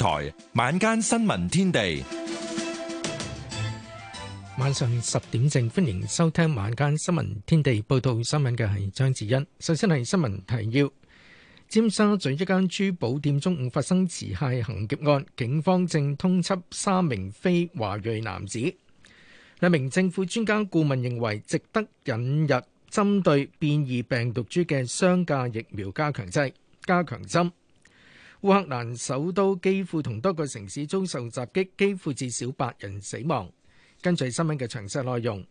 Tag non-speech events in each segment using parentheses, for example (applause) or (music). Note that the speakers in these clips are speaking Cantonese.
台晚間新聞天地，晚上十點正，歡迎收聽晚間新聞天地。報道新聞嘅係張智欣。首先係新聞提要：尖沙咀一間珠寶店中午發生持械行劫案，警方正通緝三名非華裔男子。兩名政府專家顧問認為，值得引入針對變異病毒株嘅雙價疫苗加強劑、加強針。烏克蘭首都基輔同多個城市遭受襲擊，基輔至少八人死亡。根據新聞嘅詳細內容，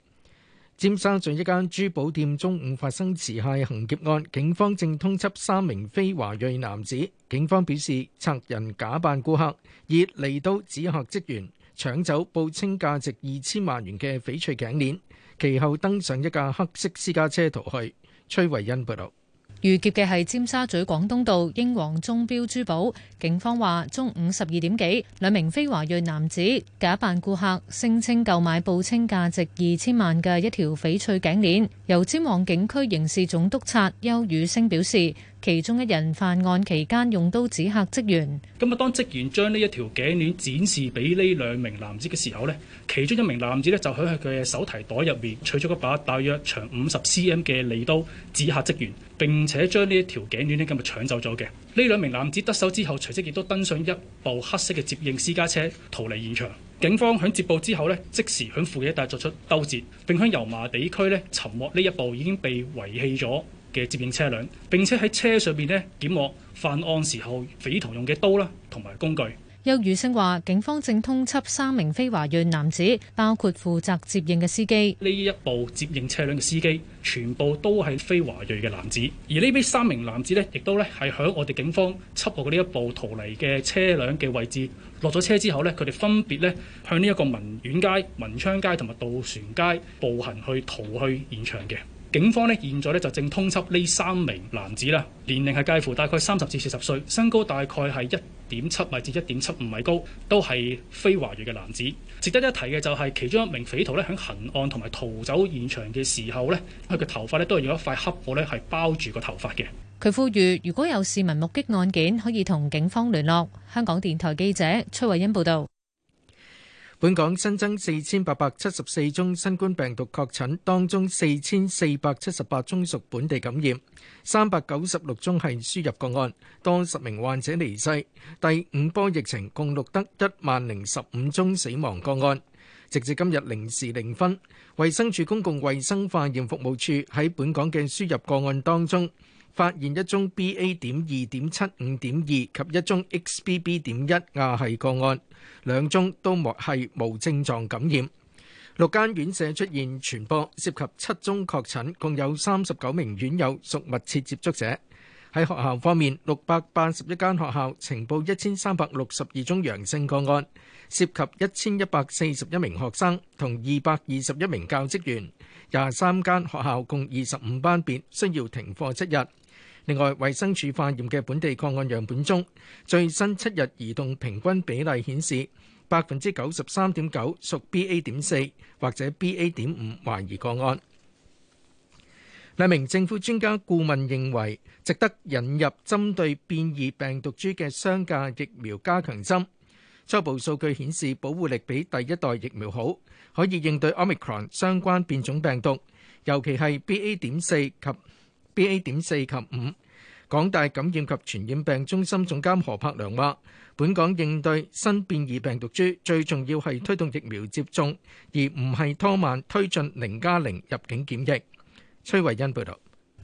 尖沙咀一間珠寶店中午發生持械行劫案，警方正通緝三名非華裔男子。警方表示，賊人假扮顧客，以利刀指嚇職員，搶走報稱價值二千萬元嘅翡翠頸鏈，其後登上一架黑色私家車逃去。崔維恩報道。遇劫嘅係尖沙咀廣東道英皇鐘錶珠寶。警方話中午十二點幾，兩名非華裔男子假扮顧客，聲稱購買報稱價值二千萬嘅一條翡翠頸鏈。由尖旺警區刑事總督察邱宇星表示。其中一人犯案期間用刀指嚇職員，咁啊，當職員將呢一條頸鏈展示俾呢兩名男子嘅時候呢，其中一名男子呢就喺佢嘅手提袋入面取咗一把大約長五十 cm 嘅利刀指嚇職員，並且將呢一條頸鏈呢就搶走咗嘅。呢兩名男子得手之後，隨即亦都登上一部黑色嘅接應私家車逃離現場。警方響接報之後呢，即時響附近一帶作出兜截，並向油麻地區呢尋獲呢一部已經被遺棄咗。嘅接應車輛，並且喺車上邊咧檢獲犯案時候匪徒用嘅刀啦，同埋工具。有輿聲話，警方正通緝三名非華裔男子，包括負責接應嘅司機。呢一部接應車輛嘅司機，全部都係非華裔嘅男子。而呢三名男子咧，亦都咧係響我哋警方緝獲嘅呢一部逃離嘅車輛嘅位置落咗車之後咧，佢哋分別咧向呢一個文苑街、文昌街同埋渡船街步行去逃去現場嘅。警方咧現在咧就正通緝呢三名男子啦，年齡係介乎大概三十至四十歲，身高大概係一點七米至一點七五米高，都係非華裔嘅男子。值得一提嘅就係其中一名匪徒咧，喺行案同埋逃走現場嘅時候咧，佢嘅頭髮咧都係用一塊黑布咧係包住個頭髮嘅。佢呼籲如果有市民目擊案件，可以同警方聯絡。香港電台記者崔慧欣報道。本港新增四千八百七十四宗新冠病毒確診，當中四千四百七十八宗屬本地感染，三百九十六宗係輸入個案，多十名患者離世。第五波疫情共錄得一萬零十五宗死亡個案。直至今日零時零分，衛生署公共衛生化驗服務處喺本港嘅輸入個案當中。發現一宗 B.A. 點二點七五點二及一宗 X.B.B. 點一亞系個案，兩宗都冇係無症狀感染。六間院舍出現傳播，涉及七宗確診，共有三十九名院友屬密切接觸者。喺學校方面，六百八十一間學校呈報一千三百六十二宗陽性個案，涉及一千一百四十一名學生同二百二十一名教職員。廿三間學校共二十五班別需要停課七日。另外，衛生署化驗嘅本地個案樣本中，最新七日移動平均比例顯示，百分之九十三點九屬 B A 點四或者 B A 點五懷疑個案。兩名政府專家顧問認為，值得引入針對變異病毒株嘅雙價疫苗加強針。初步數據顯示，保護力比第一代疫苗好，可以應對 Omicron 相關變種病毒，尤其係 B A 點四及。BA. 點四及五，港大感染及傳染病中心總監何柏良話，本港應對新變異病毒株最重要係推動疫苗接種，而唔係拖慢推進零加零入境檢疫。崔慧欣報道。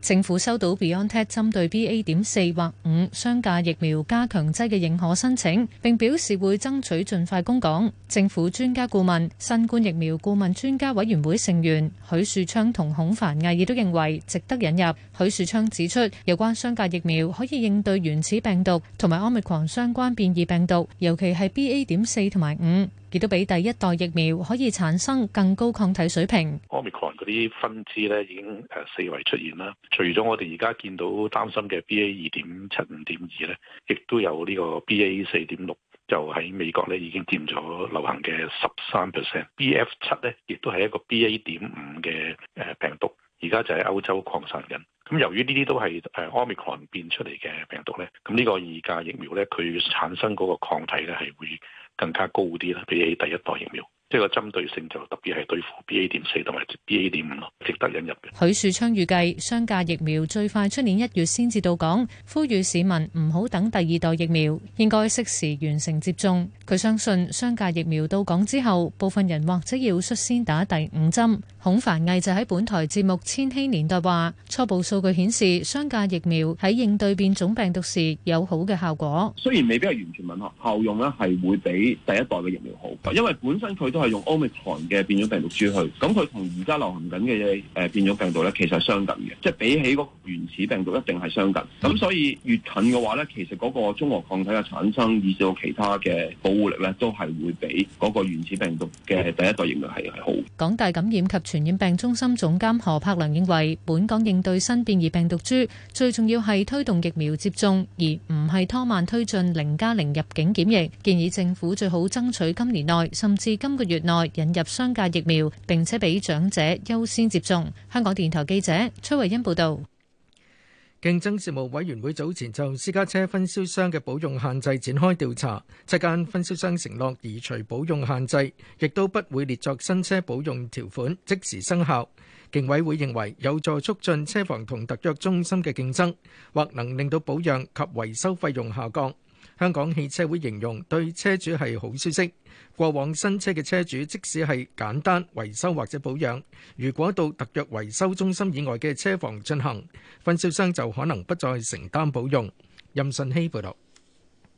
政府收到 BioNTech 針對 BA. 點四或五雙價疫苗加強劑嘅認可申請，並表示會爭取盡快供港。政府專家顧問、新冠疫苗顧問專家委員會成員許樹昌同孔繁毅亦都認為值得引入。許樹昌指出，有關雙價疫苗可以應對原始病毒同埋 Omicron 相關變異病毒，尤其係 BA. 點四同埋五。亦都比第一代疫苗可以產生更高抗體水平。Omicron 嗰啲分支咧已經誒四圍出現啦，除咗我哋而家見到擔心嘅 BA 二點七五點二咧，亦都有呢個 BA 四點六就喺美國咧已經佔咗流行嘅十三 percent。BF 七咧亦都係一個 BA 點五嘅誒病毒，而家就喺歐洲擴散緊。咁由於呢啲都係誒 Omicron 變出嚟嘅病毒咧，咁呢個二價疫苗咧佢產生嗰個抗體咧係會，更加高啲啦，比起第一代疫苗。呢個針對性就特別係對付 B A 點四同埋 B A 點五，值得引入嘅。許樹昌預計雙價疫苗最快出年一月先至到港，呼籲市民唔好等第二代疫苗，應該適時完成接種。佢相信雙價疫苗到港之後，部分人或者要率先打第五針。孔繁毅就喺本台節目《千禧年代》話，初步數據顯示雙價疫苗喺應對變種病毒時有好嘅效果。雖然未必係完全吻合，效用呢係會比第一代嘅疫苗好，因為本身佢都係。用奧密克戎嘅變種病毒株去，咁佢同而家流行緊嘅誒變種病毒咧，其實相近嘅，即係比起嗰原始病毒一定係相近。咁所以越近嘅話咧，其實嗰個中和抗體嘅產生以至到其他嘅保護力咧，都係會比嗰個原始病毒嘅第一代疫苗係好。港大感染及傳染病中心總監何柏良認為，本港應對新變異病毒株最重要係推動疫苗接種，而唔係拖慢推進零加零入境檢疫。建議政府最好爭取今年內，甚至今個。月內引入商界疫苗，並且俾長者優先接種。香港電台記者崔慧欣報道。競爭事務委員會早前就私家車分銷商嘅保用限制展開調查，七間分銷商承諾移除保用限制，亦都不會列作新車保用條款即時生效。競委會認為有助促進車房同特約中心嘅競爭，或能令到保養及維修費用下降。香港汽車會形容對車主係好消息。過往新車嘅車主即使係簡單維修或者保養，如果到特約維修中心以外嘅車房進行，分銷商就可能不再承擔保用。任信希報導。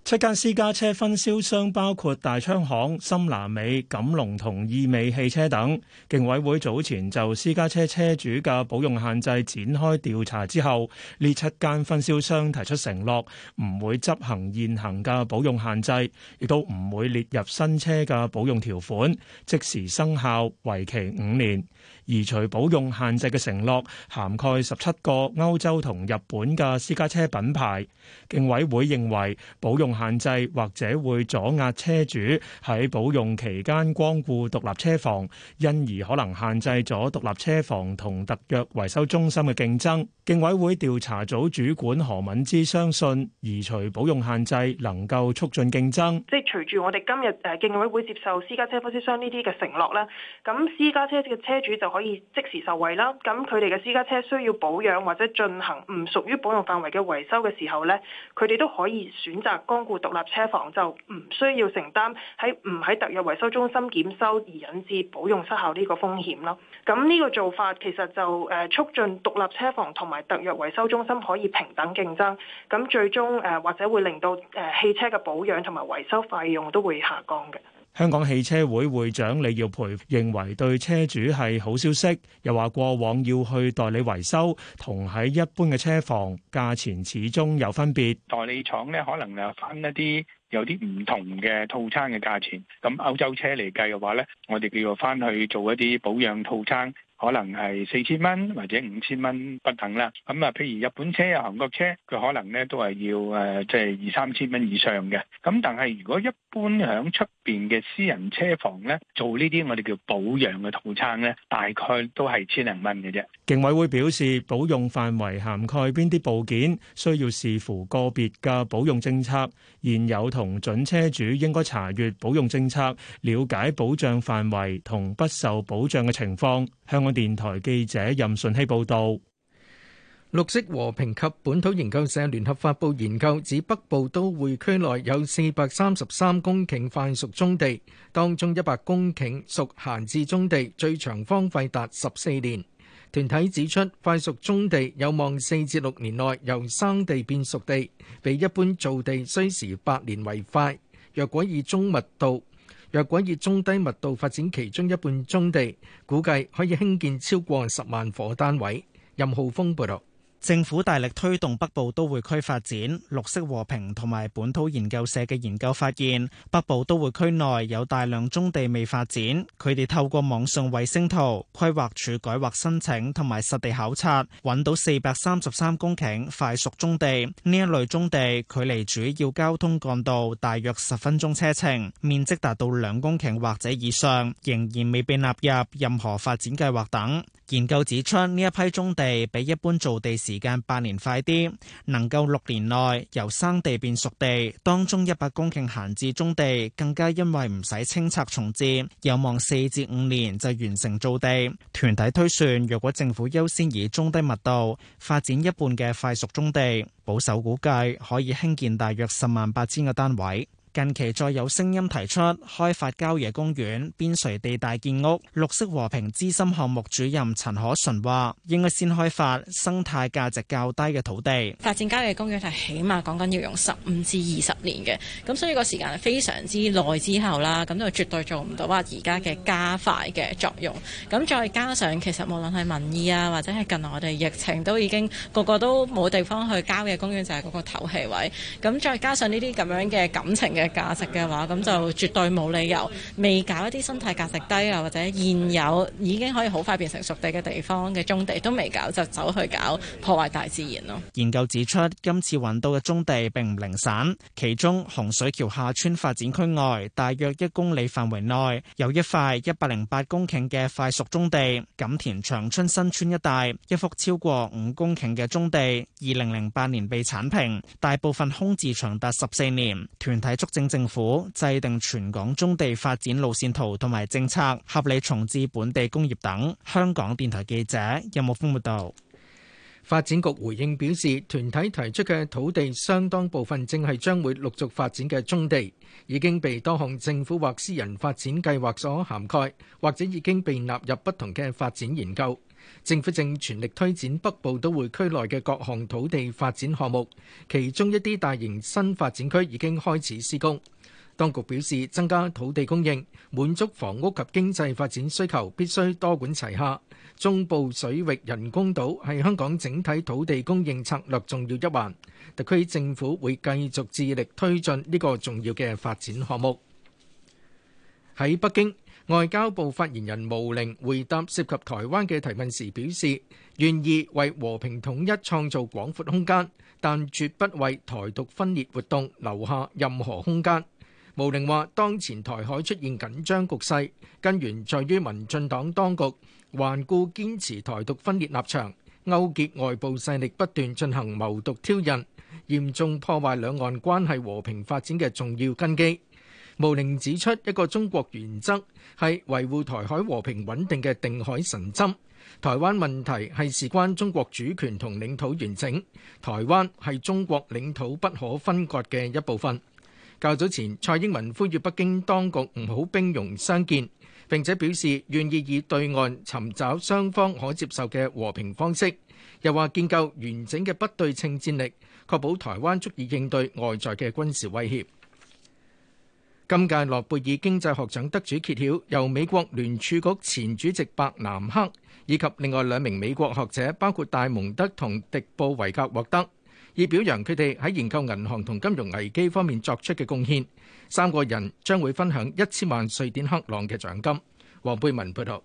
七間私家車分銷商包括大昌行、深南美、錦龍同意美汽車等。競委會早前就私家車車主嘅保用限制展開調查之後，呢七間分銷商提出承諾，唔會執行現行嘅保用限制，亦都唔會列入新車嘅保用條款，即時生效，為期五年。移除保用限制嘅承諾涵蓋十七個歐洲同日本嘅私家車品牌，競委會認為保用限制或者會阻壓車主喺保用期間光顧獨立車房，因而可能限制咗獨立車房同特約維修中心嘅競爭。競委會調查組主管何敏芝相信，移除保用限制能夠促進競爭。即係隨住我哋今日誒，競委會接受私家車分銷商呢啲嘅承諾咧，咁私家車嘅車主就可以即時受惠啦。咁佢哋嘅私家車需要保養或者進行唔屬於保用範圍嘅維修嘅時候咧，佢哋都可以選擇光顧獨立車房，就唔需要承擔喺唔喺特約維修中心檢修而引致保用失效呢個風險咯。咁呢個做法其實就誒促進獨立車房同埋。特約維修中心可以平等競爭，咁最終誒或者會令到誒汽車嘅保養同埋維修費用都會下降嘅。香港汽車會會長李耀培認為對車主係好消息，又話過往要去代理維修同喺一般嘅車房價錢始終有分別。代理廠咧可能又分一啲有啲唔同嘅套餐嘅價錢，咁歐洲車嚟計嘅話咧，我哋叫翻去做一啲保養套餐。可能係四千蚊或者五千蚊不等啦。咁、嗯、啊，譬如日本車、韓國車，佢可能呢都係要誒，即係二三千蚊以上嘅。咁但係如果一般響出邊嘅私人車房呢，做呢啲我哋叫保養嘅套餐呢，大概都係千零蚊嘅啫。競委會表示，保用範圍涵蓋邊啲部件，需要視乎個別嘅保用政策。現有同準車主應該查閱保用政策，了解保障範圍同不受保障嘅情況。向香港電台記者任順希報道：綠色和平及本土研究社聯合發布研究，指北部都會區內有433公頃快熟棕地，當中100公頃屬閒置棕地，最長荒廢達十四年。團體指出，快熟棕地有望四至六年內由生地變熟地，比一般造地需時八年為快。若果以中密度。若果以中低密度發展其中一半棕地，估計可以興建超過十萬伙單位。任浩峰報道。政府大力推動北部都會區發展，綠色和平同埋本土研究社嘅研究發現，北部都會區內有大量棕地未發展。佢哋透過網上衛星圖、規劃署改劃申請同埋實地考察，揾到四百三十三公頃快熟棕地。呢一類棕地距離主要交通幹道大約十分鐘車程，面積達到兩公頃或者以上，仍然未被納入任何發展計劃等。研究指出，呢一批棕地比一般造地時間八年快啲，能夠六年內由生地變熟地。當中一百公頃閒置棕地，更加因為唔使清拆重置，有望四至五年就完成造地。團體推算，若果政府優先以中低密度發展一半嘅快熟棕地，保守估計可以興建大約十萬八千個單位。近期再有聲音提出開發郊野公園，邊陲地帶建屋。綠色和平資深項目主任陳可純話：應該先開發生態價值較低嘅土地。發展郊野公園係起碼講緊要用十五至二十年嘅，咁所以個時間係非常之耐之後啦。咁就絕對做唔到話而家嘅加快嘅作用。咁再加上其實無論係民意啊，或者係近來我哋疫情都已經個個都冇地方去郊野公園，就係、是、嗰個透氣位。咁再加上呢啲咁樣嘅感情嘅。價值嘅話，咁就絕對冇理由未搞一啲生態價值低啊，或者現有已經可以好快變成熟地嘅地方嘅宗地都未搞，就走去搞破壞大自然咯。研究指出，今次揾到嘅宗地並唔零散，其中洪水橋下村發展區外大約一公里範圍內有一塊一百零八公頃嘅快熟宗地，錦田長春新村一帶一幅超過五公頃嘅宗地，二零零八年被鏟平，大部分空置長達十四年，團體足。政政府制定全港棕地發展路線圖同埋政策，合理重置本地工業等。香港電台記者任木峰報道，發展局回應表示，團體提出嘅土地相當部分正係將會陸續發展嘅棕地，已經被多項政府或私人發展計劃所涵蓋，或者已經被納入不同嘅發展研究。政府正全力推展北部都會區內嘅各項土地發展項目，其中一啲大型新發展區已經開始施工。當局表示，增加土地供應，滿足房屋及經濟發展需求，必須多管齊下。中部水域人工島係香港整體土地供應策略重要一環，特區政府會繼續致力推進呢個重要嘅發展項目。喺北京。外交部發言人毛寧回答涉及台灣嘅提問時表示，願意為和平統一創造廣闊空間，但絕不為台獨分裂活動留下任何空間。毛寧話，當前台海出現緊張局勢，根源在於民進黨當局頑固堅持台獨分裂立場，勾結外部勢力不斷進行謀獨挑釁，嚴重破壞兩岸關係和平發展嘅重要根基。毛寧指出，一個中國原則係維護台海和平穩定嘅定海神針。台灣問題係事關中國主權同領土完整，台灣係中國領土不可分割嘅一部分。較早前，蔡英文呼籲北京當局唔好兵戎相見，並且表示願意以對岸尋找雙方可接受嘅和平方式，又話建構完整嘅不對稱戰力，確保台灣足以應對外在嘅軍事威脅。今屆諾貝爾經濟學獎得主揭曉，由美國聯儲局前主席伯南克以及另外兩名美國學者，包括戴蒙德同迪布維格獲得，以表揚佢哋喺研究銀行同金融危機方面作出嘅貢獻。三個人將會分享一千萬瑞典克朗嘅獎金。黃貝文報導。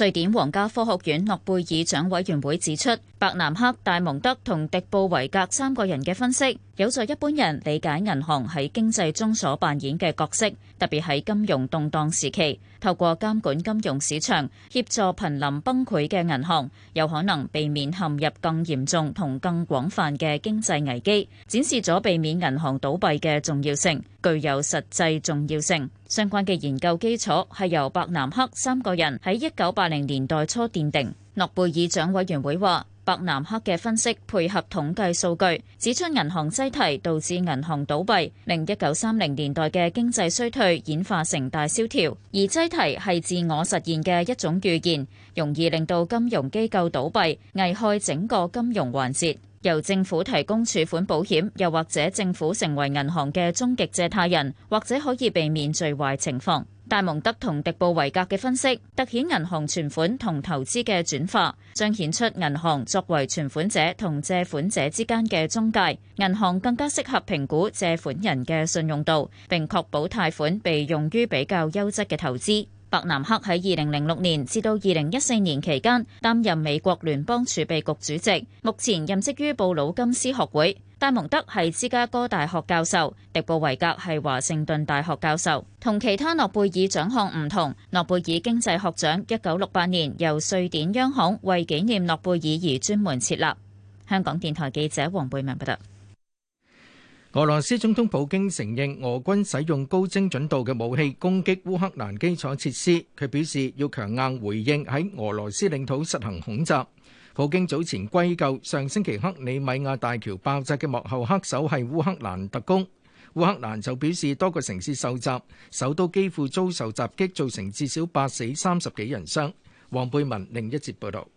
瑞典皇家科學院諾貝爾獎委員會指出，伯南克、戴蒙德同迪布維格三個人嘅分析，有助一般人理解銀行喺經濟中所扮演嘅角色，特別喺金融動蕩時期，透過監管金融市場協助瀕臨崩潰嘅銀行，有可能避免陷入更嚴重同更廣泛嘅經濟危機，展示咗避免銀行倒閉嘅重要性，具有實際重要性。相關嘅研究基礎係由白南克三個人喺一九八零年代初奠定。諾貝爾獎委員會話。伯南克嘅分析配合統計數據指出銀行擠提導致銀行倒閉，令一九三零年代嘅經濟衰退演化成大蕭條，而擠提係自我實現嘅一種預言，容易令到金融機構倒閉，危害整個金融環節，由政府提供儲款保險，又或者政府成為銀行嘅終極借貸人，或者可以避免最壞情況。戴蒙德同迪布維格嘅分析，凸顯銀行存款同投資嘅轉化，彰顯出銀行作為存款者同借款者之間嘅中介。銀行更加適合評估借款人嘅信用度，並確保貸款被用於比較優質嘅投資。伯南克喺二零零六年至到二零一四年期間擔任美國聯邦儲備局主席，目前任職於布魯金斯學會。戴蒙德係芝加哥大學教授，迪布維格係華盛頓大學教授。同其他諾貝爾獎項唔同，諾貝爾經濟學獎一九六八年由瑞典央行為紀念諾貝爾而專門設立。香港電台記者黃貝文報道。俄羅斯總統普京承認俄軍使用高精準度嘅武器攻擊烏克蘭基礎設施。佢表示要強硬回應喺俄羅斯領土實行恐襲。普京早前歸咎上星期克里米亞大橋爆炸嘅幕後黑手係烏克蘭特工。烏克蘭就表示多個城市受襲，首都幾乎遭受襲擊，造成至少八死三十幾人傷。黃貝文另一節報道。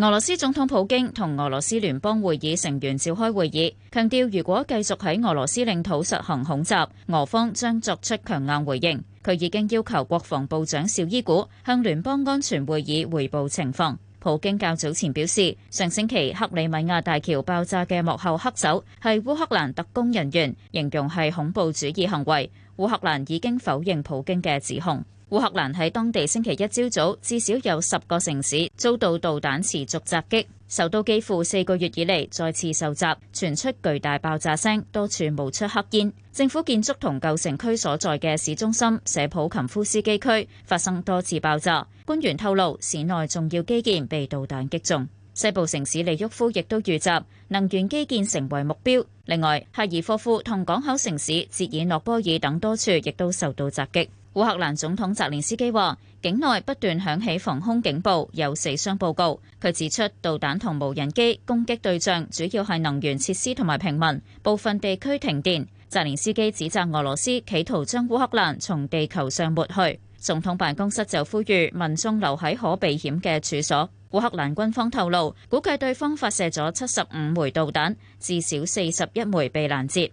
俄羅斯總統普京同俄羅斯聯邦會議成員召開會議，強調如果繼續喺俄羅斯領土實行恐襲，俄方將作出強硬回應。佢已經要求國防部長紹伊古向聯邦安全會議匯報情況。普京較早前表示，上星期克里米亞大橋爆炸嘅幕後黑手係烏克蘭特工人員，形容係恐怖主義行為。烏克蘭已經否認普京嘅指控。烏克蘭喺當地星期一朝早，至少有十個城市遭到導彈持續襲擊，首都幾乎四個月以嚟再次受襲，傳出巨大爆炸聲，多處冒出黑煙。政府建築同舊城區所在嘅市中心舍普琴夫斯基區發生多次爆炸。官員透露，市內重要基建被導彈擊中。西部城市利沃夫亦都遇襲，能源基建成為目標。另外，哈爾科夫同港口城市捷爾諾波爾等多處亦都受到襲擊。烏克蘭總統澤連斯基話，境內不斷響起防空警報，有死傷報告。佢指出，導彈同無人機攻擊對象主要係能源設施同埋平民，部分地區停電。澤連斯基指責俄羅斯企圖將烏克蘭從地球上抹去。總統辦公室就呼籲民眾留喺可避險嘅處所。烏克蘭軍方透露，估計對方發射咗七十五枚導彈，至少四十一枚被攔截。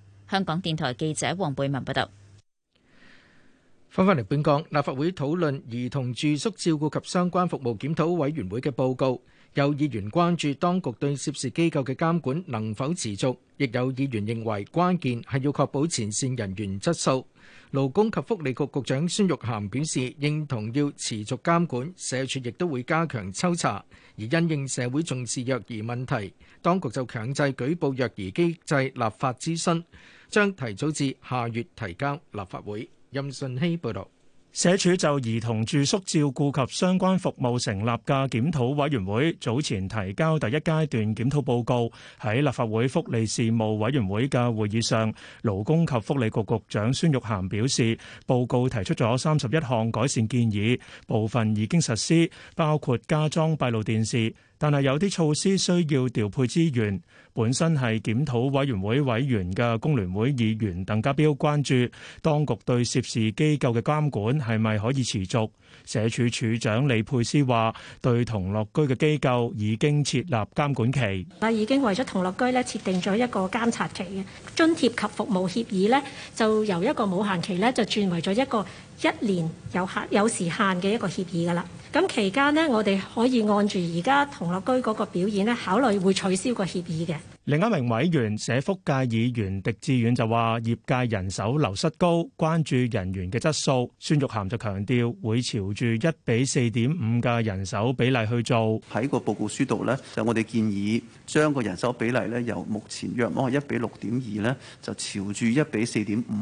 香港電台記者黃貝文報道。翻返嚟本港，立法會討論兒童住宿照顧及相關服務檢討委員會嘅報告。有議員關注當局對涉事機構嘅監管能否持續，亦有議員認為關鍵係要確保前線人員質素。勞工及福利局局長孫玉菡表示，認同要持續監管，社署亦都會加強抽查。而因應社會重視虐兒問題，當局就強制舉報虐兒機制立法諮詢。將提早至下月提交立法會。任信希報道。社署就兒童住宿照顧及相關服務成立嘅檢討委員會，早前提交第一階段檢討報告。喺立法會福利事務委員會嘅會議上，勞工及福利局局長孫玉菡表示，報告提出咗三十一項改善建議，部分已經實施，包括加裝閉路電視。但係有啲措施需要調配資源，本身係檢討委員會委員嘅工聯會議員鄧家彪關注，當局對涉事機構嘅監管係咪可以持續？社署署長李佩斯話，對同樂居嘅機構已經設立監管期，啊已經為咗同樂居呢設定咗一個監察期津貼及服務協議呢，就由一個冇限期呢，就轉為咗一個。一年有限有時限嘅一個協議㗎啦。咁期間呢，我哋可以按住而家同樂居嗰個表演呢，考慮會取消個協議嘅。另一名委員，社福界議員狄志遠就話，業界人手流失高，關注人員嘅質素。孫玉涵就強調會朝住一比四點五嘅人手比例去做。喺個報告書度呢，就我哋建議將個人手比例呢，由目前約摸係一比六點二呢，就朝住一比四點五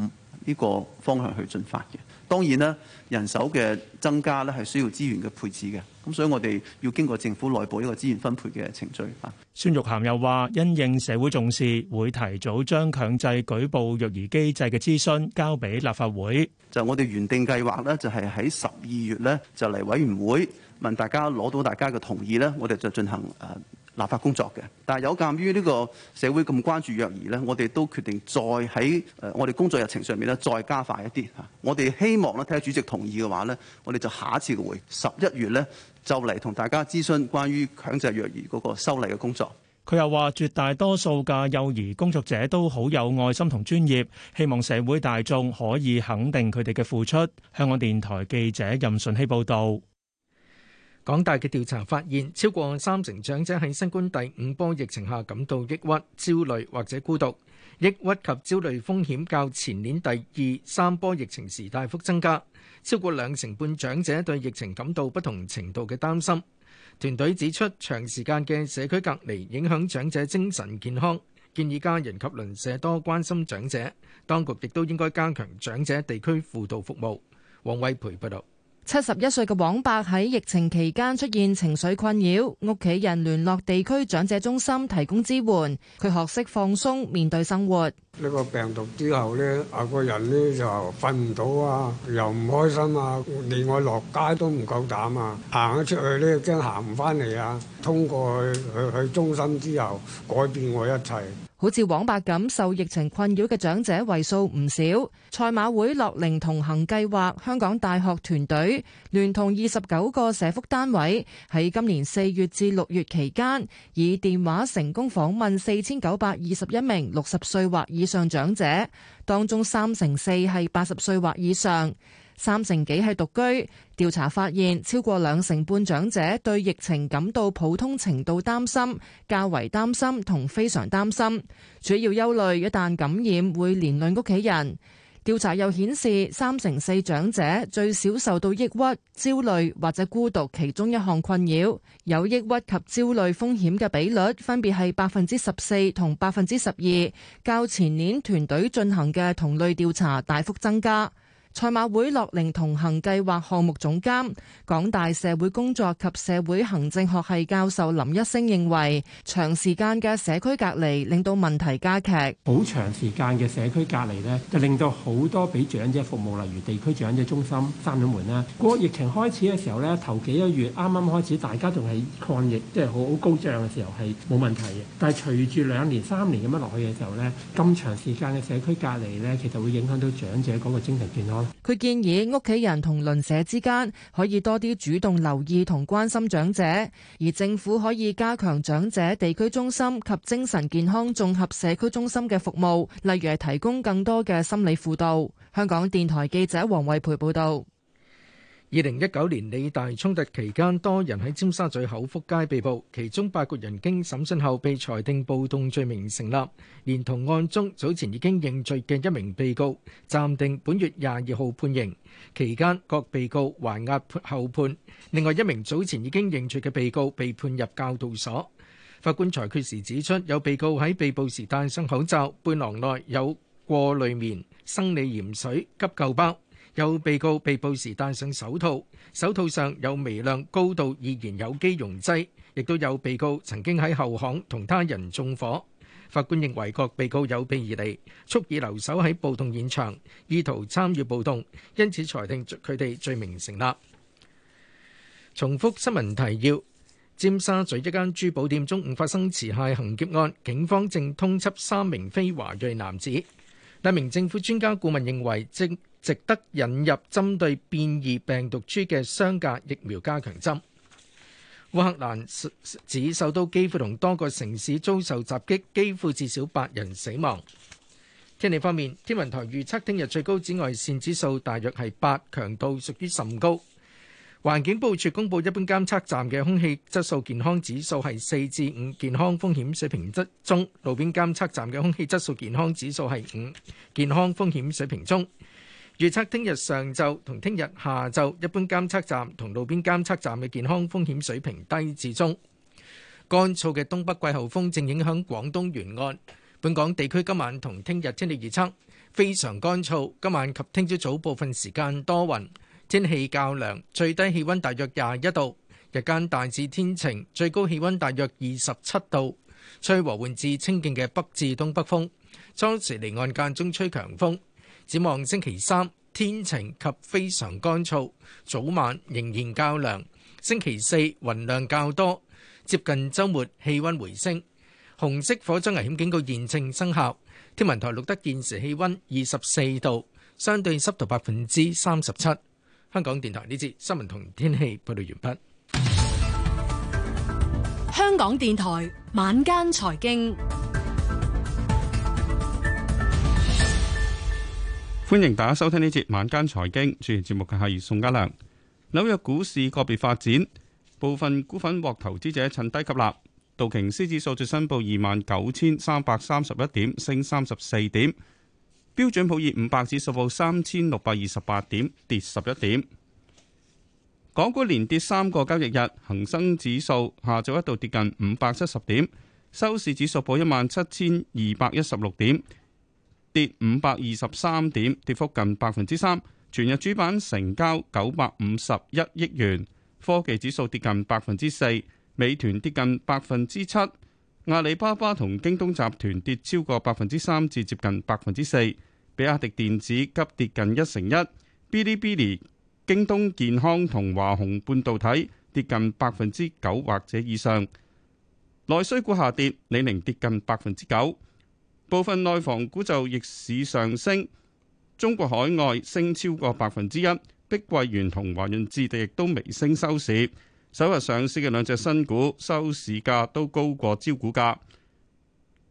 呢個方向去進發嘅。當然啦，人手嘅增加咧係需要資源嘅配置嘅，咁所以我哋要經過政府內部一個資源分配嘅程序啊。孫玉菡又話，因應社會重視，會提早將強制舉報虐兒機制嘅諮詢交俾立法會。就我哋原定計劃呢，就係喺十二月呢就嚟委員會問大家攞到大家嘅同意呢，我哋就進行誒。呃立法工作嘅，但係有鑒於呢個社會咁關注虐兒咧，我哋都決定再喺誒我哋工作日程上面咧再加快一啲吓，我哋希望咧，睇下主席同意嘅話咧，我哋就下一次嘅會十一月咧就嚟同大家諮詢關於強制虐兒嗰個修例嘅工作。佢又話絕大多數嘅幼兒工作者都好有愛心同專業，希望社會大眾可以肯定佢哋嘅付出。香港電台記者任順希報道。港大嘅調查發現，超過三成長者喺新冠第五波疫情下感到抑鬱、焦慮或者孤獨，抑鬱及焦慮風險較前年第二、三波疫情時大幅增加。超過兩成半長者對疫情感到不同程度嘅擔心。團隊指出，長時間嘅社區隔離影響長者精神健康，建議家人及鄰舍多關心長者。當局亦都應該加強長者地區輔導服務。王偉培報道。七十一歲嘅黃伯喺疫情期間出現情緒困擾，屋企人聯絡地區長者中心提供支援，佢學識放鬆面對生活。呢個病毒之後呢，啊個人呢就瞓唔到啊，又唔開心啊，連我落街都唔夠膽啊，行咗出去呢，驚行唔翻嚟啊。通過去去去中心之後，改變我一切。好似王伯咁，受疫情困擾嘅長者為數唔少。賽馬會樂齡同行計劃、香港大學團隊聯同二十九個社福單位，喺今年四月至六月期間，以電話成功訪問四千九百二十一名六十歲或以上長者，當中三成四係八十歲或以上。三成幾係獨居。調查發現，超過兩成半長者對疫情感到普通程度擔心，較為擔心同非常擔心。主要憂慮一旦感染會連累屋企人。調查又顯示，三成四長者最少受到抑鬱、焦慮或者孤獨其中一項困擾。有抑鬱及焦慮風險嘅比率分別係百分之十四同百分之十二，較前年團隊進行嘅同類調查大幅增加。賽馬會樂齡同行計劃項目總監、港大社會工作及社會行政學系教授林一星認為，長時間嘅社區隔離令到問題加劇。好長時間嘅社區隔離呢，就令到好多俾長者服務，例如地區長者中心閂咗門啦。嗰個疫情開始嘅時候呢，頭幾個月啱啱開始，大家仲係抗疫，即係好高漲嘅時候係冇問題嘅。但係隨住兩年三年咁樣落去嘅時候呢，咁長時間嘅社區隔離呢，其實會影響到長者嗰個精神健康。佢建議屋企人同鄰舍之間可以多啲主動留意同關心長者，而政府可以加強長者地區中心及精神健康綜合社區中心嘅服務，例如係提供更多嘅心理輔導。香港電台記者黃慧培報道。二零一九年理大衝突期間，多人喺尖沙咀口福街被捕，其中八個人經審訊後被裁定暴動罪名成立，連同案中早前已經認罪嘅一名被告，暫定本月廿二號判刑。期間各被告還押後判。另外一名早前已經認罪嘅被告被判入教導所。法官裁決時指出，有被告喺被捕時戴上口罩，背囊內有過濾棉、生理鹽水、急救包。有被告被捕時戴上手套，手套上有微量高度易燃有機溶劑，亦都有被告曾經喺後巷同他人縱火。法官認為各被告有備而嚟，蓄意留守喺暴動現場，意圖參與暴動，因此裁定佢哋罪名成立。重複新聞提要：尖沙咀一間珠寶店中午發生持械行劫案，警方正通緝三名非華裔男子。一名政府專家顧問認為，正值得引入針對變異病毒株嘅雙價疫苗加強針。烏克蘭指首都幾乎同多個城市遭受襲擊，幾乎至少八人死亡。天氣方面，天文台預測聽日最高紫外線指數大約係八，強度屬於甚高。環境部署公布一般監測站嘅空氣質素健康指數係四至五，5，健康風險水平質中；路邊監測站嘅空氣質素健康指數係五，健康風險水平中。預測聽日上晝同聽日下晝，一般監測站同路邊監測站嘅健康風險水平低至中。乾燥嘅東北季候風正影響廣東沿岸，本港地區今晚同聽日天氣預測非常乾燥。今晚及聽朝早部分時間多雲，天氣較涼，最低氣温大約廿一度。日間大致天晴，最高氣温大約二十七度，吹和緩至清勁嘅北至東北風，初時離岸間中吹強風。展望星期三，天晴及非常乾燥，早晚仍然較涼。星期四雲量較多，接近週末氣温回升。紅色火災危險警告現正生效。天文台錄得現時氣温二十四度，相對濕度百分之三十七。香港電台呢節新聞同天氣報道完畢。香港電台晚間財經。歡迎大家收聽呢節晚間財經，主持節目嘅係宋嘉良。紐約股市個別發展，部分股份獲投資者趁低吸納。道瓊斯指數最新報二萬九千三百三十一點，升三十四點。標準普爾五百指數報三千六百二十八點，跌十一點。港股連跌三個交易日，恒生指數下晝一度跌近五百七十點，收市指數報一萬七千二百一十六點，跌五百二十三點，跌幅近百分之三。全日主板成交九百五十一億元，科技指數跌近百分之四，美團跌近百分之七，阿里巴巴同京東集團跌超過百分之三至接近百分之四，比亞迪電子急跌近一成一，1, 嗶哩嗶哩、京東健康同華虹半導體跌近百分之九或者以上。內需股下跌，李寧跌近百分之九。部分內房股就逆市上升，中國海外升超過百分之一，碧桂園同華潤置地亦都微升收市。首日上市嘅兩隻新股收市價都高過招股價。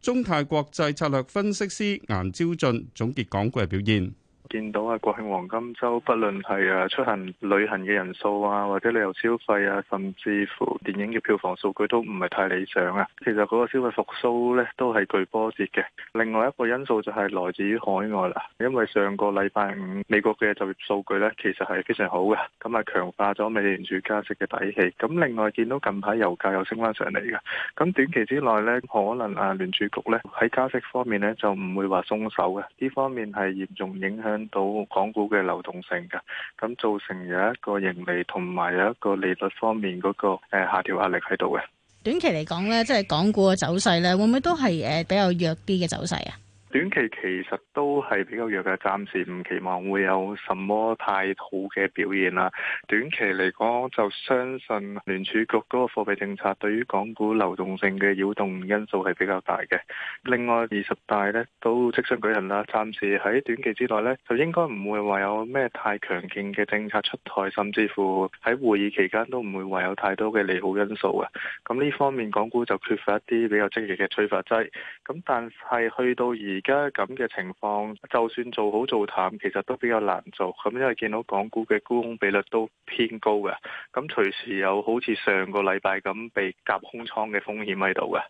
中泰國際策略分析師顏朝俊總結港股嘅表現。見到啊，國慶黃金週，不論係啊出行旅行嘅人數啊，或者旅遊消費啊，甚至乎電影嘅票房數據都唔係太理想啊。其實嗰個消費復甦咧都係巨波折嘅。另外一個因素就係來自於海外啦，因為上個禮拜五美國嘅就業數據咧其實係非常好嘅，咁啊強化咗美聯儲加息嘅底氣。咁另外見到近排油價又升返上嚟嘅，咁短期之內咧可能啊聯儲局咧喺加息方面咧就唔會話鬆手嘅。呢方面係嚴重影響到港股嘅流動性嘅，咁造成有一個盈利同埋有一個利率方面嗰個誒下調壓力喺度嘅。短期嚟講咧，即係港股嘅走勢咧，會唔會都係誒比較弱啲嘅走勢啊？短期其實都係比較弱嘅，暫時唔期望會有什麼太好嘅表現啦。短期嚟講就相信聯儲局嗰個貨幣政策對於港股流動性嘅擾動因素係比較大嘅。另外二十大呢都即將舉行啦，暫時喺短期之內呢，就應該唔會話有咩太強勁嘅政策出台，甚至乎喺會議期間都唔會話有太多嘅利好因素呀。咁呢方面港股就缺乏一啲比較積極嘅催化劑。咁但係去到二而家咁嘅情況，就算做好做淡，其實都比較難做。咁因為見到港股嘅沽空比率都偏高嘅，咁隨時有好似上個禮拜咁被夾空倉嘅風險喺度嘅。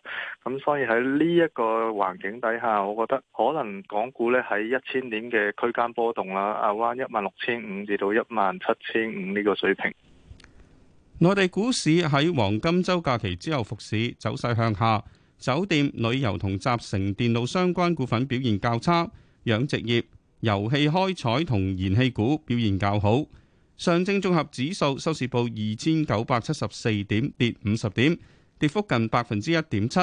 咁所以喺呢一個環境底下，我覺得可能港股呢喺一千點嘅區間波動啦，亞灣一萬六千五至到一萬七千五呢個水平。內地股市喺黃金週假期之後復市，走勢向下。酒店、旅遊同集成電路相關股份表現較差，養殖業、油氣開採同燃氣股表現較好。上證綜合指數收市報二千九百七十四點，跌五十點，跌幅近百分之一點七。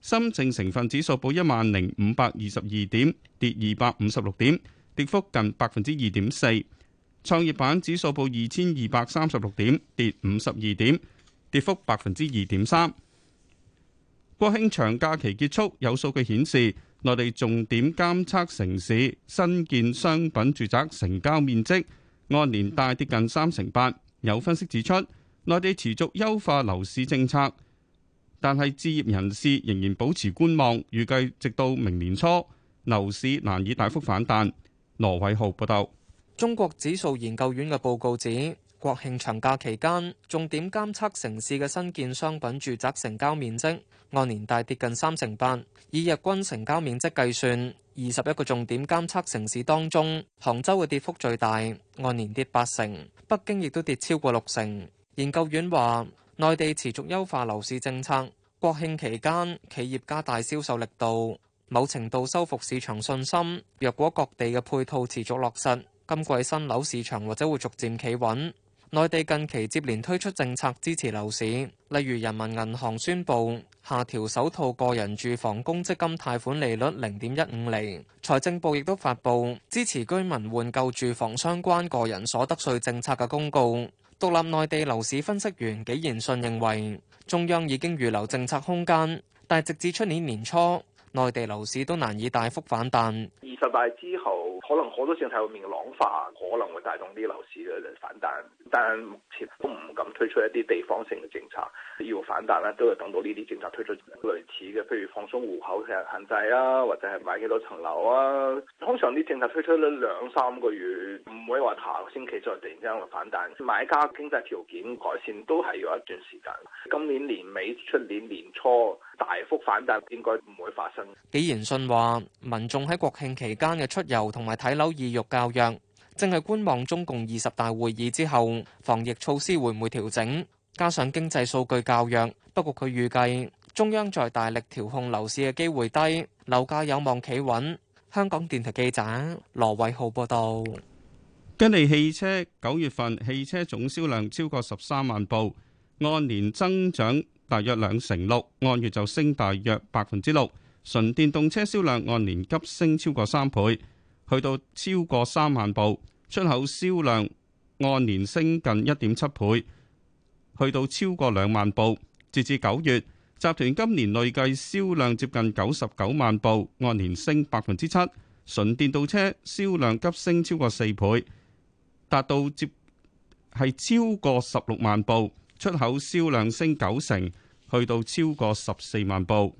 深證成分指數報一萬零五百二十二點，跌二百五十六點，跌幅近百分之二點四。創業板指數報二千二百三十六點，跌五十二點，跌幅百分之二點三。國慶長假期結束，有數據顯示，內地重點監測城市新建商品住宅成交面積按年大跌近三成八。有分析指出，內地持續優化樓市政策，但係置業人士仍然保持觀望，預計直到明年初，樓市難以大幅反彈。羅偉浩報導，中國指數研究院嘅報告指，國慶長假期間，重點監測城市嘅新建商品住宅成交面積，按年大跌近三成八。以日均成交面積計算，二十一個重點監測城市當中，杭州嘅跌幅最大，按年跌八成；北京亦都跌超過六成。研究院話，內地持續優化樓市政策，國慶期間企業加大銷售力度，某程度修復市場信心。若果各地嘅配套持續落實，今季新樓市場或者會逐漸企穩。內地近期接連推出政策支持樓市，例如人民銀行宣布下調首套個人住房公積金貸款利率零點一五厘。財政部亦都發布支持居民換購住房相關個人所得稅政策嘅公告。獨立內地樓市分析員紀賢信認為，中央已經預留政策空間，但直至出年年初，內地樓市都難以大幅反彈。二十大之後，可能好多政體上面嘅明朗化可能會帶動啲樓市嘅反彈。但目前都唔敢推出一啲地方性嘅政策，要反彈咧，都會等到呢啲政策推出類似嘅，譬如放鬆戶口嘅限制啊，或者係買幾多層樓啊。通常啲政策推出咗兩三個月，唔會話下個星期再突然之間會反彈。買家經濟條件改善都係要一段時間。今年年尾出年年初大幅反彈應該唔會發生。紀賢信話：民眾喺國慶期間嘅出遊同埋睇樓意欲較弱。正係觀望中共二十大會議之後，防疫措施會唔會調整？加上經濟數據較弱，不過佢預計中央在大力調控樓市嘅機會低，樓價有望企穩。香港電台記者羅偉浩報道。吉利汽車九月份汽車總銷量超過十三萬部，按年增長大約兩成六，按月就升大約百分之六。純電動車銷量按年急升超過三倍。去到超過三萬部，出口銷量按年升近一點七倍，去到超過兩萬部。截至九月，集團今年累計銷量接近九十九萬部，按年升百分之七。純電動車銷量急升超過四倍，達到接係超過十六萬部。出口銷量升九成，去到超過十四萬部。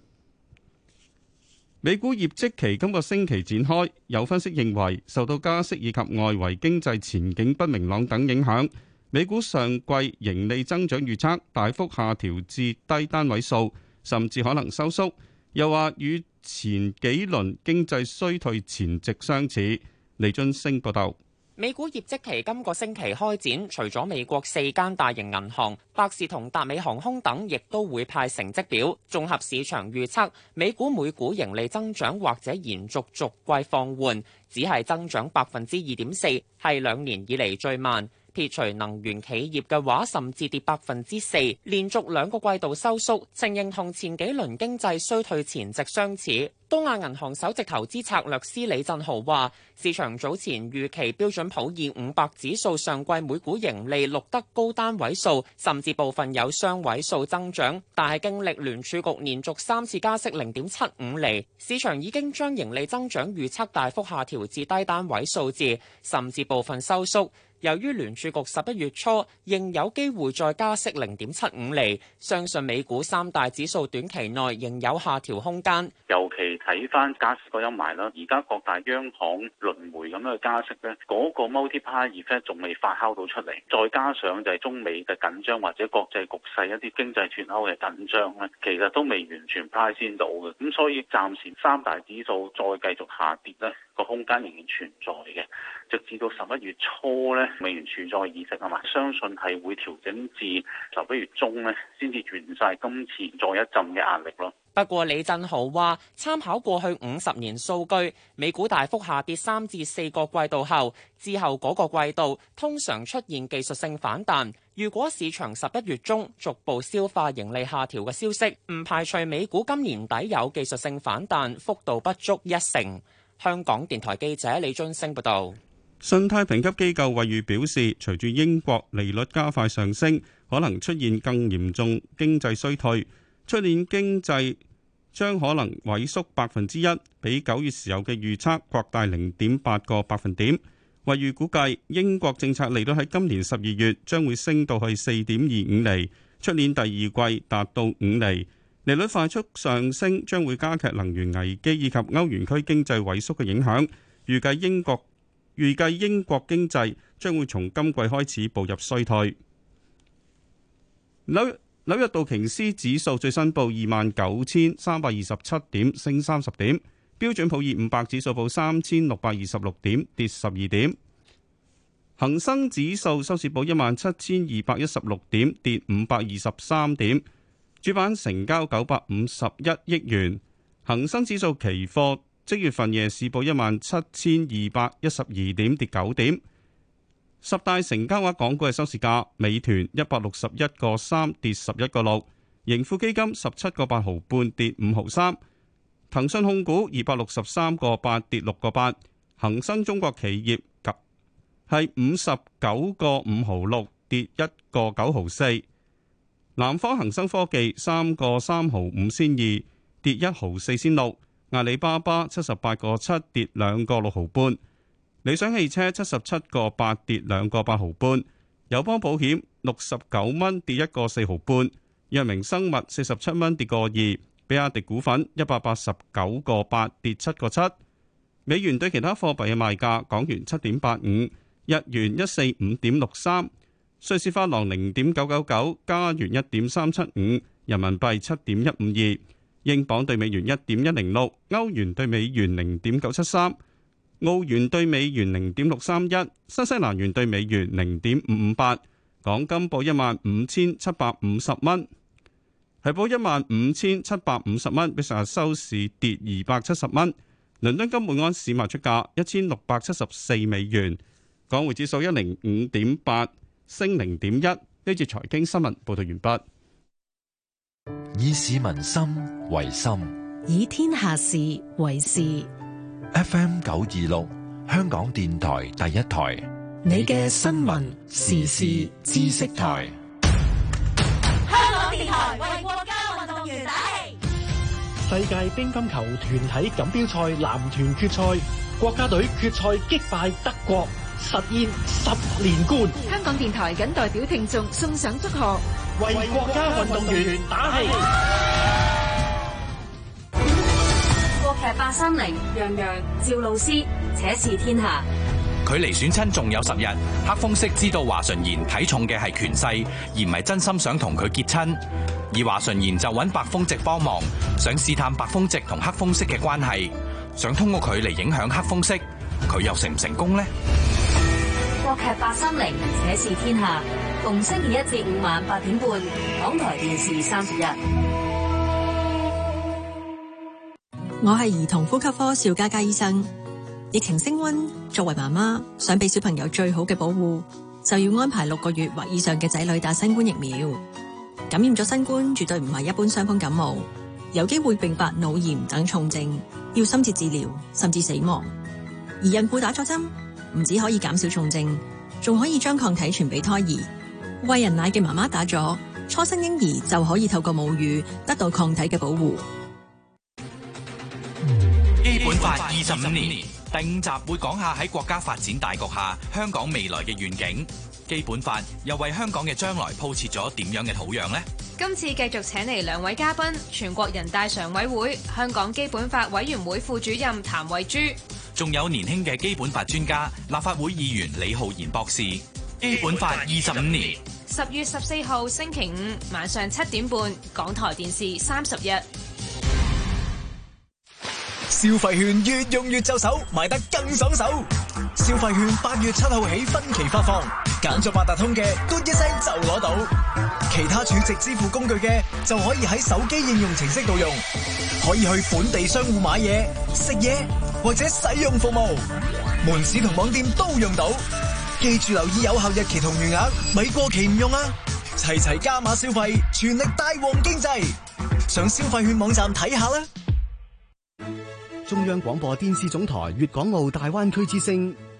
美股業績期今個星期展開，有分析認為受到加息以及外圍經濟前景不明朗等影響，美股上季盈利增長預測大幅下調至低單位數，甚至可能收縮。又話與前幾輪經濟衰退前夕相似。李俊升報道。美股業績期今個星期開展，除咗美國四間大型銀行、百事同達美航空等，亦都會派成績表。綜合市場預測，美股每股盈利增長或者延續逐季放緩，只係增長百分之二點四，係兩年以嚟最慢。撇除能源企業嘅話，甚至跌百分之四，連續兩個季度收縮，情形同前幾輪經濟衰退前夕相似。東亞銀行首席投資策略師李振豪話：市場早前預期標準普爾五百指數上季每股盈利錄得高單位數，甚至部分有雙位數增長，但係經歷聯儲局連續三次加息零點七五厘，市場已經將盈利增長預測大幅下調至低單位數字，甚至部分收縮。由於聯儲局十一月初仍有機會再加息零點七五厘，相信美股三大指數短期內仍有下調空間。尤其睇翻加息嗰陰霾啦，而家各大央行輪迴咁樣嘅加息呢，嗰個 multiplier effect 仲未發酵到出嚟。再加上就係中美嘅緊張或者國際局勢一啲經濟脫鈎嘅緊張咧，其實都未完全 price 先到嘅。咁所以暫時三大指數再繼續下跌呢個空間仍然存在嘅。直至到十一月初呢。美元儲災意識啊嘛？相信係會調整至十一月中咧，先至完晒今次再一陣嘅壓力咯。不過李振豪話，參考過去五十年數據，美股大幅下跌三至四個季度後，之後嗰個季度通常出現技術性反彈，如果市場十一月中逐步消化盈利下調嘅消息，唔排除美股今年底有技術性反彈，幅度不足一成。香港電台記者李俊升報道。信貸評級機構惠譽表示，隨住英國利率加快上升，可能出現更嚴重經濟衰退。出年經濟將可能萎縮百分之一，比九月時候嘅預測擴大零點八個百分點。惠譽估計，英國政策利率喺今年十二月將會升到去四點二五厘，出年第二季達到五厘。利率快速上升將會加劇能源危機以及歐元區經濟萎縮嘅影響。預計英國。預計英國經濟將會從今季開始步入衰退。紐紐約道瓊斯指數最新報二萬九千三百二十七點，升三十點。標準普爾五百指數報三千六百二十六點，跌十二點。恒生指數收市報一萬七千二百一十六點，跌五百二十三點。主板成交九百五十一億元。恒生指數期貨。即月份夜市報一萬七千二百一十二點，跌九點。十大成交額港股嘅收市價：美團一百六十一個三，跌十一個六；盈富基金十七個八毫半，跌五毫三；騰訊控股二百六十三個八，跌六個八；恒生中國企業及係五十九個五毫六，跌一個九毫四；南方恒生科技三個三毫五先二，跌一毫四先六。阿里巴巴七十八個七跌兩個六毫半，理想汽車七十七個八跌兩個八毫半，友邦保險六十九蚊跌一個四毫半，藥明生物四十七蚊跌個二，比亞迪股份一百八十九個八跌七個七。美元兌其他貨幣嘅賣價：港元七點八五，日元一四五點六三，瑞士法郎零點九九九，加元一點三七五，人民幣七點一五二。英鎊兌美元一點一零六，歐元兌美元零點九七三，澳元兌美元零點六三一，新西蘭元兌美元零點五五八。港金報一萬五千七百五十蚊，係報一萬五千七百五十蚊，比上日收市跌二百七十蚊。倫敦金每安士賣出價一千六百七十四美元，港匯指數一零五點八升零點一。呢節財經新聞報道完畢。以市民心為心，以天下事為事。FM 九二六，香港電台第一台，你嘅新聞時事知識台。香港電台為國家運動員仔，世界乒乓球團體錦標賽男團決賽，國家隊決賽擊敗德國，實現十連冠。香港電台僅代表聽眾送上祝賀。為國家運動員打氣。國劇八三零，楊洋、趙露思，且試天下。距離選親仲有十日，黑風息知道華純賢睇重嘅係權勢，而唔係真心想同佢結親。而華純賢就揾白風夕幫忙，想試探白風夕同黑風息嘅關係，想通過佢嚟影響黑風息，佢又成唔成功呢？國劇八三零，且是天下，逢星期一至五晚八點半，港台電視三十一。我係兒童呼吸科邵嘉嘉醫生。疫情升温，作為媽媽，想俾小朋友最好嘅保護，就要安排六個月或以上嘅仔女打新冠疫苗。感染咗新冠，絕對唔係一般傷風感冒，有機會併發腦炎等重症，要深切治療，甚至死亡。而孕婦打咗針。唔止可以減少重症，仲可以將抗體傳俾胎兒。喂人奶嘅媽媽打咗，初生嬰兒就可以透過母乳得到抗體嘅保護。基本法二十五年，第五集會講下喺國家發展大局下，香港未來嘅願景。基本法又為香港嘅將來鋪設咗點樣嘅土壤呢？今次繼續請嚟兩位嘉賓，全國人大常委會香港基本法委員會副主任譚慧珠。仲有年輕嘅基本法專家、立法會議員李浩然博士。基本法二十五年，十 (noise) (noise) 月十四號星期五晚上七點半，港台電視三十日。 (noise) 消費券越用越就手，買得更爽手。消費券八月七號起分期發放。揀咗八達通嘅，嘟一聲就攞到；其他儲值支付工具嘅，就可以喺手機應用程式度用，可以去本地商戶買嘢、食嘢或者使用服務，門市同網店都用到。記住留意有效日期同餘額，咪過期唔用啊！齊齊加碼消費，全力帶旺經濟，上消費券網站睇下啦！中央廣播電視總台粵港澳大灣區之聲。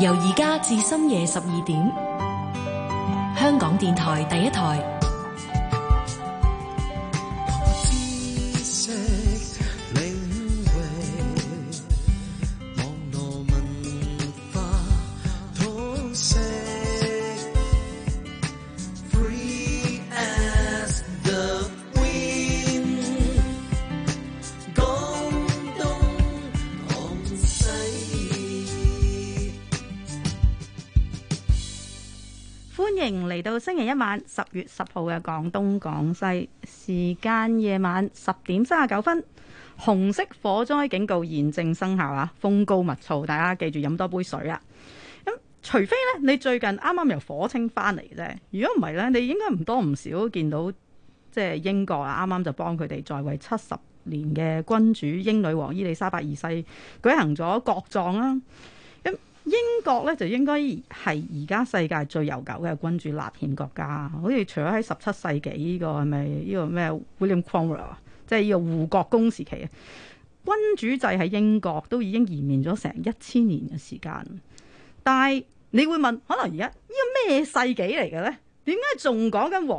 由而家至深夜十二點，香港電台第一台。到星期一晚十月十號嘅廣東廣西時間夜晚十點三十九分紅色火災警告現正生效啊！風高物燥，大家記住飲多杯水啊、嗯！除非呢，你最近啱啱由火星翻嚟啫。如果唔係呢，你應該唔多唔少見到即係英國啊，啱啱就幫佢哋在位七十年嘅君主英女王伊麗莎白二世舉行咗國葬啦、啊。英國咧，就應該係而家世界最悠久嘅君主立憲國家，好似除咗喺十七世紀呢個係咪呢個咩 William Cromwell 啊，即係呢個護國公時期啊，君主制喺英國都已經延綿咗成一千年嘅時間，但係你會問可能而家呢個咩世紀嚟嘅咧？點解仲講緊王？